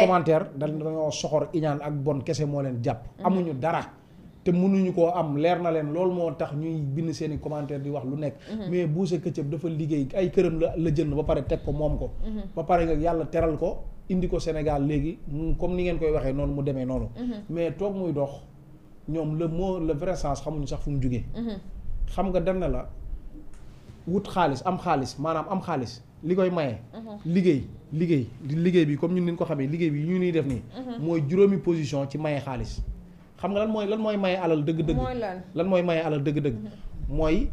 commentaire dañ dañoo soxor iñaan ak bon kese moo leen jàpp mhm. amuñu dara te mënuñu ko am leer na leen loolu moo tax ñuy bind seeni commentaire di wax lu nekk mhm. mais Boucher Ketchup dafa liggéey ay këram la la jënd ba pare teg ko moom ko mhm. ba pare nga yàlla teral ko indi ko Sénégal léegi comme ni ngeen koy waxee noonu mu demee noonu mais toog muy dox ñoom la moo la vrai sens xamuñu sax fu mu jógee xam nga na la wut xaalis am xaalis maanaam am xaalis li koy maye. liggéey liggéey liggéey bi comme ñun ni ko xamee liggéey bi ñu ñuy def nii. mooy juróomi position ci maye xaalis. xam nga lan mooy lan mooy maye alal dëgg-dëgg. mooy lan mooy maye alal dëgg-dëgg. Mm-hmm. mooy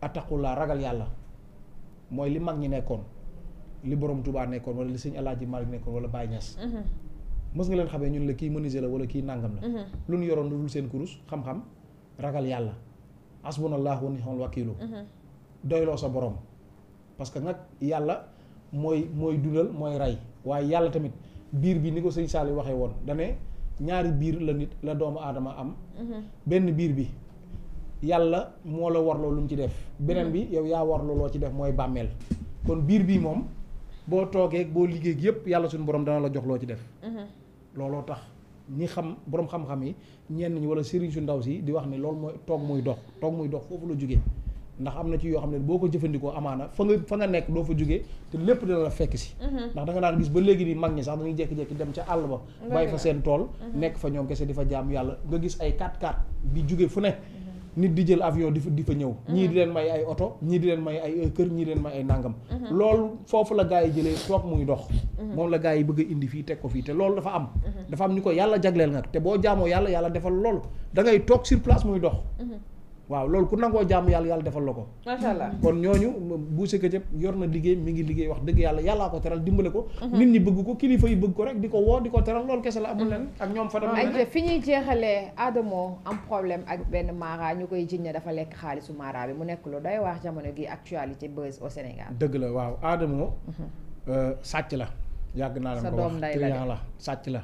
attaqullaa ragal yàlla mooy li mag ñi nekkoon li borom tubaa nekkoon wala li sëñ ji Maalik nekkoon wala Baay Ñas. Mm-hmm. mës nga leen xamee ñun la kii menuisier la wala kii nàngam la. Mm-hmm. lu nu yoroon lu dul seen kurus xam-xam ragal yàlla asbunallahu wa ni'mal wakiilu doyloo sa boroom parce que nag yàlla mooy mooy dundal mooy rey waaye yàlla tamit biir bi ni ko sëñ Saali waxee woon dane ñaari biir la nit la doomu aadama am mhm. benn biir bi yàlla moo la war lu mu ci def beneen mhm. bi yow yaa warloo loo ci def mooy bàmmeel kon biir bii moom boo toogee boo liggéey yépp yàlla suñu borom dana la jox loo ci def mhm. looloo tax ñi xam borom xam-xam yi ñenn ñi wala sëriñ su ndaw si di wax ni loolu mooy toog muy dox toog muy dox foofu la jógee ndax am na ci yoo xam ne boo ko jëfandikoo amaana fa nga fa nga nekk doo fa jógee te lépp dina la fekk si mhm. ndax da nga daan gis ba léegi ni mag ñi sax dañuy jékki-jékki dem ca àll ba bàyyi fa seen tool mhm. nekk fa ñoom kese di fa jaam yàlla nga gis ay 4 x bi jóge fu mhm. nit di jël avion di fa di fa ñëw ñii di leen may ay oto ñii di leen may ay kër ñii di leen may ay nàngam lool foofu la gaa yi jëlee toog muy dox moom la gaa yi bëgg a indi fii teg ko fii te loolu dafa am dafa am ñu ko yàlla jagleel nga te boo jaamoo yàlla yàlla defal loolu dangay ngay toog sur dox waaw loolu ku nangoo jàmm yàlla yàlla defal la ko macha allah kon ñooñu Boucher Ketchup yor na liggéey mi ngi liggéey wax dëgg yàlla yàllaa ko teral dimbale ko mhm. nit ñi bëgg ko kilifa yi bëgg ko rek di ko woo di ko teral loolu kese la amul leen mhm. ak ñoom fa fi ñuy jeexalee Adamo am problème ak benn mara ñu koy jiñ ne dafa lekk xaalisu mara bi mu nekk lu doy wax jamono gi actualité buzz au Sénégal dëgg la waaw Adamo mhm. euh, sàcc la yàgg naa leen ko wax client la sàcc la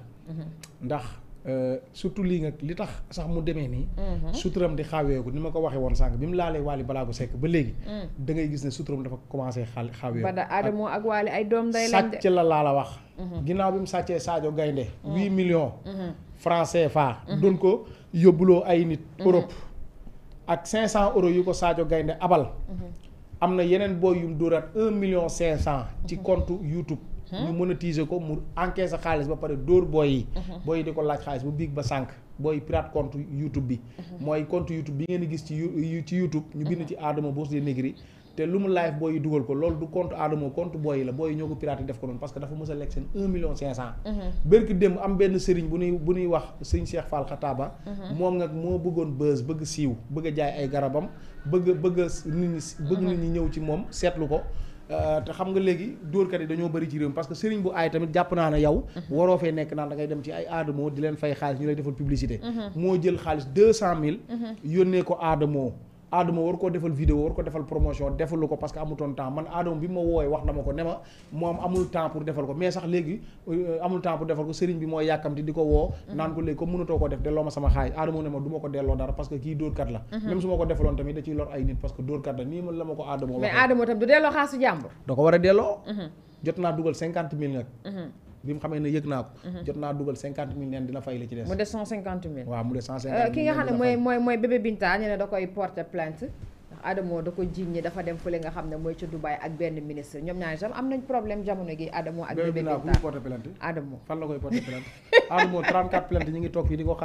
ndax Euh, surtout lii nga li tax sax mu demee nii. Mhm. suturam di xawee ko ni ma ko waxee woon sànq bi mu laalee Waly Balaago Seck ba léegi. Mm. da ngay gis ne suturam dafa commencé xaal xaaweeku. ba da Adamo ak Waly ay doom la laa wax. Mhm. ginnaaw bi mu sàccee Sadio Gaynde. 8 mm. millions. Mhm. francs CFA. doon ko yóbbuloo ay nit. Europe ak 500 euro yu ko saajo Gaynde abal. am na yeneen booy yu mu dóoraat 1 million 500. ci compte YouTube. Hmm? ñu monétiser ko mu encaisser xaalis ba pare dóor booy yi. Hmm. booy yi di ko laaj xaalis bu biig ba sànq. booy pirate compte YouTube bi. Hmm. mooy compte YouTube bi ngeen di gis ci ci YouTube. ñu bind ci Adama Boss de Negri te lu mu live booy yi dugal ko loolu du compte Adama compte booy yi la booy yi ñoo ko piraté def ko noonu parce que dafa mës a lekk seen un million cinq cent. bërki démb am benn sëriñ bu nuy bu nuy wax sëriñ Cheikh Fall ba moom nag moo bëggoon buzz bëgg siiw bëgg a jaay ay garabam bëgg bëgg nit ñi bëgg nit ñi ñëw ci moom seetlu ko. Euh, te xam nga léegi dóorkat yi dañoo bëri ci réew parce que sëriñ bu aay tamit jàpp naa ne yow mhm. waroo fee nekk naa da dem ci ay aadamoo di leen fay xaalis ñu lay defal publicité mhm. moo jël xaalis deux cent mille mhm. yónnee ko aadamoo Adama war koo defal vidéo war ko defal promotion defalu ko parce que amutoon temps man Adama bi ma woowee wax na ma ko ne ma moom amul temps defal ko sëriñ euh, bi mooy yàkkamti di ko woo mhm. naan ko léegi comme mënatoo ko def delloo ma sama xaalis Adama ne ma du ma ko delloo dara parce que kii dóorkat la mhm. même su ma ko defaloon tamit da ciy lor ay nit parce que dóorkat la nii man la ma ko Adama mais Adama tam du delloo xaasu jàmbur da ko war a delloo mhm. jot naa dugal bi mu xamee ne yëg naa ko. Mhm. jot naa dugal cinquante mille neen dina fay li ci des. mu des cinquante mille. waaw mu des cinquante mille euh, ki nga xam ne mooy bébé Binta ñu ne dafa dem fële nga xam ne mooy ca Dubaï ak benn ministre ñoom ñaari tam am nañ problème jamono gi Adamo ak bébé Binta Adamo fan la koy porté plainte Adamo 34 plainte ñu ngi toog fii fan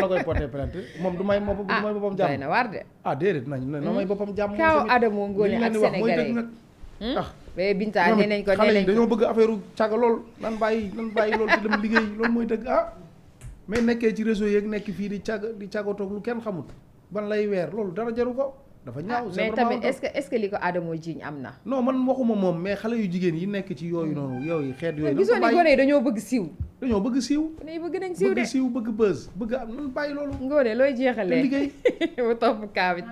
la koy porté plainte moom du moom boppam jàmm ah, doy na de ah déedéet nañ na hmm? may boppam mais eh, Binta nee nañ ko nee nañ ko dañoo bëgg affaire caga lool nan bàyyi nan bàyyi lool te dem liggéey loolu mooy dëgg ah mais nekkee ci réseau yeeg nekk fii di cag di cagatoog lu kenn xamul ban lay weer loolu dara jaru ko dafa ah, ñaaw mais tamit est-ce que est-ce que li ko Adamo jiiñ am na. non man waxuma moom mais xale yu jigéen yi nekk ci yooyu noonu yow yi xeet yooyu. Ah, gisoo ni gone yi dañoo bëgg siiw. dañoo bëgg siiw. dañoo bëgg nañ siiw de bëgg siiw bëgg bës bëgg am nan bàyyi loolu. ngoone looy jeexalee liggéey bu topp kaa bi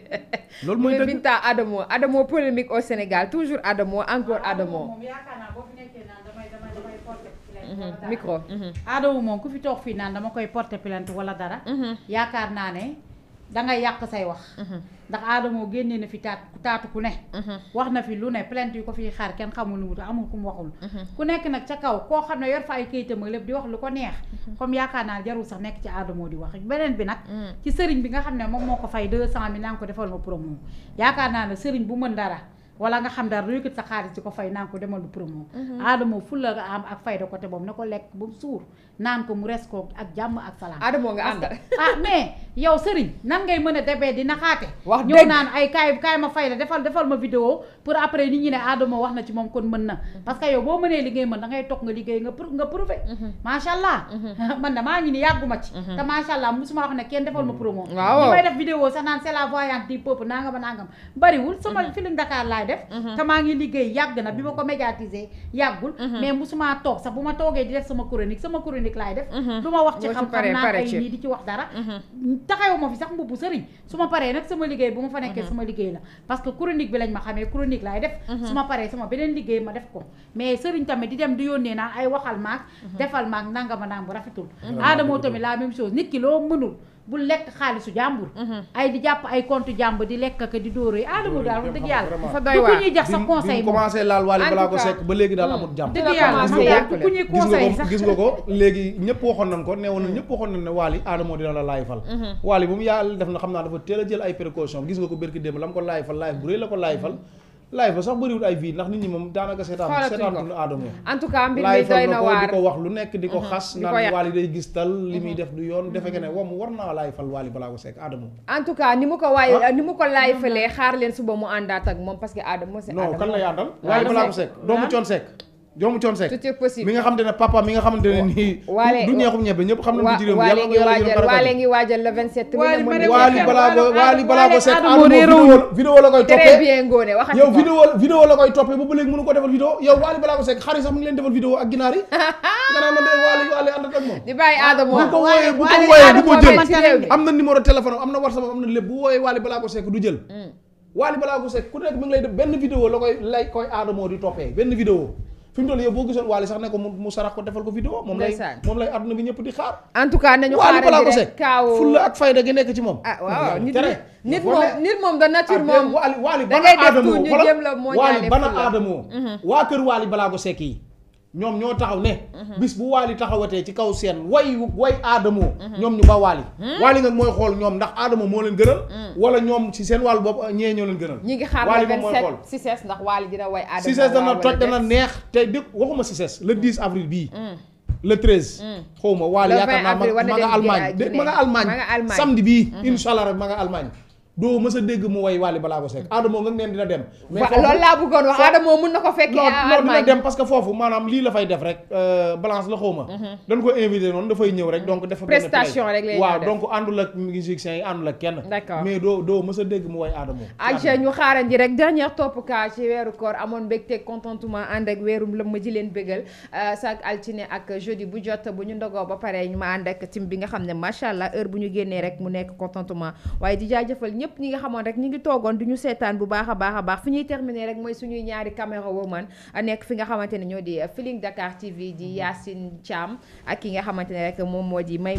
loolu mooy dëgg Binta Adamo Adamo polémique au Sénégal toujours Adamo encore ah, Adamo. Mhm, micro. Mhm. Adamo moom ku fi toog fii naan dama koy porter plainte wala dara. Mhm. yaakaar naa ne. dangay yàq say wax mhm. ndax aadamoo génnee na fi taat taatu ku ne mhm. wax na fi lu ne plainte yu ko fiy xaar kenn xamul lu mu amul ku mu waxul mhm. ku nekk nag ca kaw koo xam ne yor fa ay kayitam ak lépp di wax lu ko neex comme yaakaar naa jarul sax nekk ci aadamoo di wax beneen bi nag mm. ci sëriñ bi nga xam ne moom moo ko fay deux cent mille naa ko defal ma promo yaakaar naa ne sëriñ bu mën dara wala nga xam dara yëkkat sa xaalis ko fay naan ko demal lu promo aadamoo fulla nga am ak fayda côté boobu na ko lekk ba mu suur naan ko mu res ko ak jàmm ak salaam aadamoo nga àndal ah mais yow sëriñ nan ngay mën a debee di naxaate wax dëgg naan ay kaay kaay ma fay la defal defal ma vidéo pour après nit ñi ne Adamo wax na ci moom kon mën na parce que yow boo mënee li ngay mën da ngay toog nga liggéey nga nga prouvé mhm. macha allah mhm. man da maa ngi ni yàgguma ci mhm. te macha allah musuma wax ne kenn defal ma promo waaw li may def vidéo sax naan c'est la voyante du peuple nangam nangam bariwul sama film Dakar laay def te maa ngi liggéey yàgg na bi ma ko médiatiser yàggul mais musuma toog sax bu ma toogee di sama chronique sama chronique laay def du ma wax ci xam-xam naan ay di ci wax dara taxawu ma fi sax mbubbu sëriñ su ma paree nag sama liggéey bu ma fa nekkee mhm. sama liggéey la parce que chronique bi lañ ma xamee chronique laay def mhm. su ma paree sama beneen liggéey ma def ko mais sëriñ tamit di dem di yónnee naan ay waxal maag mhm. defal maag nangama naam bu rafetul aadamoo tamit la même chose nit ki loo mënul bu lekk xaalisu jàmbur. Mhm. ay di jàpp ay compte jàmbur di lekk ak di dóoree. aadama daal wax dëgg yàlla dafa doy waar ku ñuy jax sa conseil bi commencé laal waale balaa ko sekk ba léegi daal amut jàmm. dëgg yàlla ma gis nga ko léegi ñëpp waxoon nañ ko ne woon nañ ñëpp waxoon nañ ne waali aadamoo dina la laayfal mhm. waali bu mu yàlla def na xam naa dafa teel a jël ay précaution gis nga ko bërki démb la mu ko laayfal laayf bu rëy la ko laayfal live ba sax bëriwul ay ndax nit ñi moom daanaka seetaan seetaantuñu aadama en tout cas mbir mi doy na waar di ko wax lu nekk di ko mhm. xas naan waali day gis tal li muy mhm. def du yoon defe nga ne wam mhm. war naa live fal waali balaa ko seek aadama en tout ni mu ko waaye ah? ni mu ko live ah. falee xaar leen suba mu àndaat ak moom parce que aadama c'est aadama non kan lay àndal waali balaa ko seek doomu coon ah? seek doomu coon Seck tout est possible mi nga xamante ne papa mi nga xamante ne nii. waale du yow vidéo la koy toppee ba ba léegi ko defal vidéo yow waali balaago de ko wooyee du jël am na numéro téléphone am na whatsapp am na lépp bu wooyee waali balaago Seck du jël hmm. waali balaago Seck ku nekk mi ngi lay benn vidéo la koy lay koy aadamoo di toppee benn vidéo fi mu toll yow boo gisoon Wally sax ne ko mu sarax ko defal ko vidéo moom lay moom lay àdduna bi ñëpp di xaar en nañu xaaral balaa ko se fulla ak fayda gi nekk ci moom ah nit moom nit ah, moom da nature moom Wally Wally bana aadamoo Wally bana aadamoo mhm. waa kër Wally balaa ko sekk yi ñoom ñoo taxaw ne. Mhm. bis bu waali taxawatee ci kaw seen way way aadamoo. Mhm. ñoom ñu ba waali. Mhm. waali nag mooy xool ñoom ndax aadamoo moo leen gënal. wala ñoom ci seen wàllu bopp ñee ñoo leen ñi ngi xaar le 27 Cissés ndax waali dina way aadamoo Cissés dana toj dana neex te dégg waxuma Cissés le 10 avril bii. le 13. xaw ma waali yaakaar naa ma nga Allemagne ma nga Allemagne samedi bii. incha allah rek ma doo mës a dégg mu way Wally balaa ko sekk Adamo nga neen dina dem. mais foofu loolu laa bëggoon wax Adamo mun na ko fekkee. non dina dem parce que foofu la fay def rek euh, balance la xawma. bu jot bu ñu ba pare ñu ma ànd ak bi nga xam ne macha allah heure bu ñu génnee rek mu nekk contentement waaye ñëpp ñi nga xamoon rek ñi ngi toogoon du ñu seetaan bu baax a baax a baax fi ñuy terminer rek mooy suñuy ñaari caméra woman nekk fi nga xamante ne ñoo di Feeling Dakar TV di mm-hmm. Yacine Thiam ak ki nga xamante ne rek moom moo di may